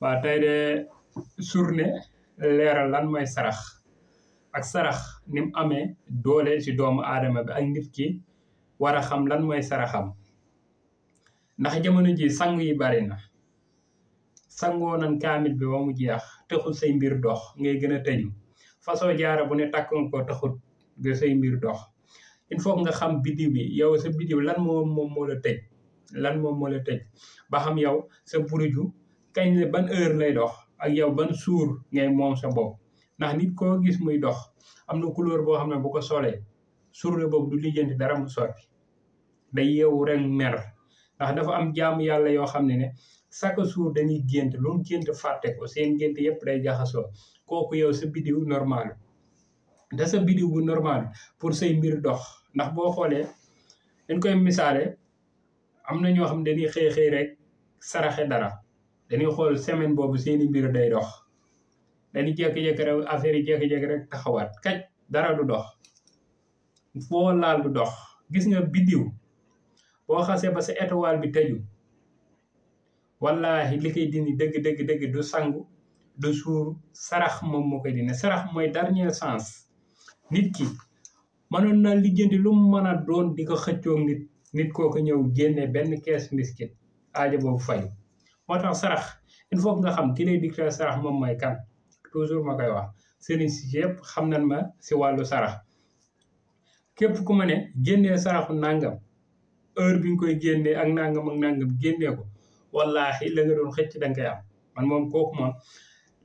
waa tey de journée leeral lan mooy sarax ak sarax nim amee doole ci doomu aadama bi ak nit ki war a xam lan mooy saraxam ndax jamono ji sangu yi bari na sangoo nan kaamil bi ba mu jeex taxul say mbir dox ngay gën a tëju façon jaara bu ne takk nga ko taxut say mbir dox il faut nga xam biddiw bi yow sa biddiw lan moo moom moo tëj lan moom moo la tëj ba xam yow sa buruju kañ ban heure lay dox ak yow ban suur ngay moom sa bopp ndax nit koo gis muy dox am na couleur boo xam ne boo ko solee surle boobu du lijjanti dara mu soppi day yeewu rek mer ndax dafa am jaamu yàlla yoo xam ne ne chaque jour dañuy gént lu mu fàtte ko seen gént yëpp day jaxasoo kooku yow sa bidiw normal da sa bidiw bu normal pour say mbir dox ndax boo xoolee dañ koy misaale am na ñoo xam dañuy xëy xëy rek saraxe dara dañuy xool semaine boobu seeni mbir day dox dañuy jékki-jékki rek affaire yi jékki-jékki rek taxawaat kaj dara du dox foo laal du dox gis nga biddiw boo xasee ba sa étoile bi tëju wallahi li koy dindi dëgg dëgg dëgg du sangu du suur sarax moom moo koy dindi sarax mooy dernier sens nit ki mënoon na lijjanti lu mu mën a doon di ko xëccoo nit nit koo ñëw génne benn kees miskit aaja boobu fay moo tax sarax il faut nga xam ki lay digteel sarax moom mooy kan toujours ma koy wax sëriñ si yëpp xam nañ ma si wàllu sarax képp ku ma ne génnee saraxu nangam heure bi nga koy génnee ak nangam ak nangam ko wallaahi la nga doon xëcc da koy am man moom kooku moom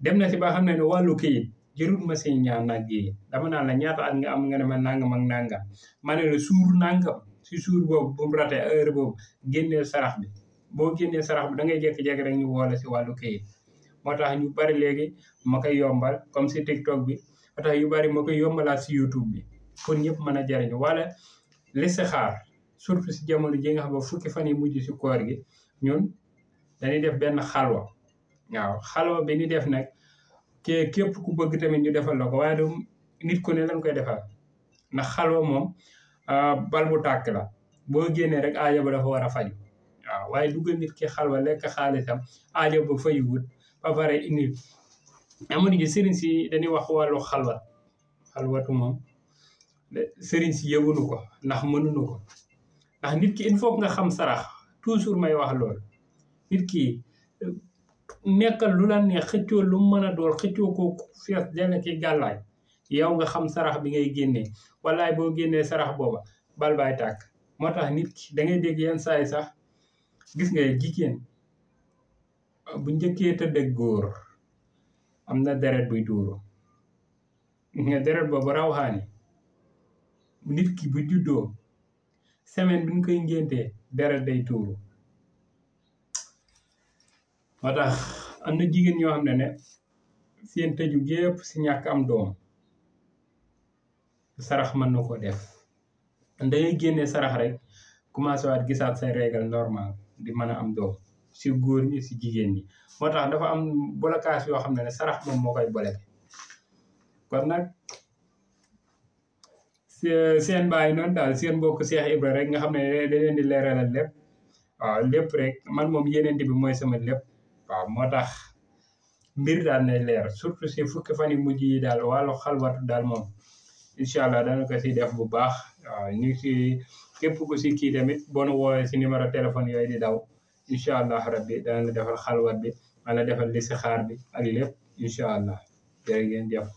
dem na si ba xam ne ne wàllu kayit jërul ma si ñaan nag yi dama naan la ñaata am nga ne ma nangam ak nangam ma ne la suur nangam si suur boobu bu mu ratee heure boobu génnee sarax bi. boo génnee sarax bi da ngay jékki-jékki rek ñu woole si wàllu këyit moo tax ñu bari léegi ma koy yombal comme si TikTok bi moo tax yu bari ma koy yombalaat si YouTube bi pour ñëpp mën a jariñu wala listixaar surtout jamono ji nga xam ne fan yi mujj si koor gi ñun dañuy def benn xalwa waaw xalwa bi ñu def nag ke képp ku bëgg tamit ñu defal la ko waaye du nit ku ne lañ koy defal ndax xalwa moom ah, bal bu tàkk la boo génnee rek aajo ba dafa war a faj waaye dugal nit ki xalwa lekk xaalisam aajo ba fay wut ba pare indi amoon ji sëriñ si dañuy wax wàllu xalwat xalwatu moom sëriñ si yëgunu ko ndax mënunu ko ndax nit ki il faut nga xam sarax toujours may wax lool nit ki nekkal lu la neex xëccoo lu mën a dool xëccoo ko fees dana ki gàllaay yow nga xam sarax bi ngay génnee wallaay boo génnee sarax booba bal baay tàkk moo tax nit ki da dégg yenn saay sax gis nga jigéen bu njëkkee tëdd ak góor am na deret buy tuuru nga deret boobu rawxaani nit ki bu juddoo semaine bi ñu koy ngéntee deret day tuuru moo am na jigéen ñoo xam ne ne seen tëju gépp si ñàkk am doom sarax mën na ko def dangay génnee sarax rek commencé waat gisaat say règle normal di mën a am doom si góor ñi si jigéen ñi moo tax dafa am blocage yoo xam ne ne sarax moom moo koy bloqué kon nag seen bàyyi noonu daal seen seex Cheikh Ibra rek nga xam ne da leen di leeralal lépp waaw lépp rek man moom yeneenti bi mooy sama lépp waaw moo tax mbir daal na leer surtout si fukki fan yu mujj yi daal wàllu xalwatu daal moom incha allah dana ko si def bu baax waaw ñu si képp ku si kii tamit boo nu woowee si numéro téléphone yooyu di daw incha allah rabbi dana la defal xalwat bi wala defal listixaar bi ak lépp incha allah jërë ngeen jëf